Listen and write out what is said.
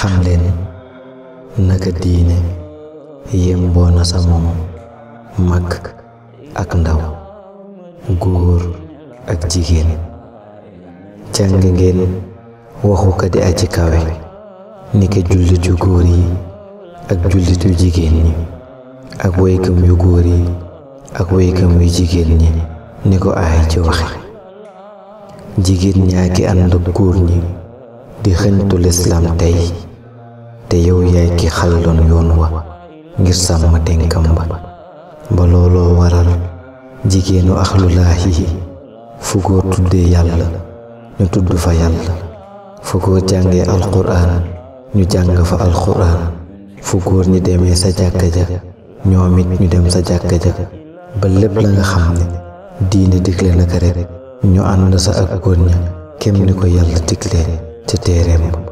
xam leen naka diine yemboo na sa moom mag ak ndaw góor ak jigéen jàng ngeen waxukati aji kawe ni ki jullit yu góor yi ak jullit yu jigéen ñi ak waykam yu góor yi ak waykam yu jigéen ñi ni ko aay ci waxe jigéen ñaa ki ànd ak góor ñi di xëñtu lislaam tey te yow yaay ki xalaloon yoon wa ngir sàmm dénkam ba ba waral jigéenu akhlulahi, yi fu ko tuddee yalla ñu tuddu fa yalla fu ko jàngee ñu jang fa Alquran, fu góor ñi deme sa jakka ja ñoom ñu dem sa jakka ja ba lepp la nga xamne diine digle na rek ñu and sa ak góor kem ni ko yalla diglee ci téereem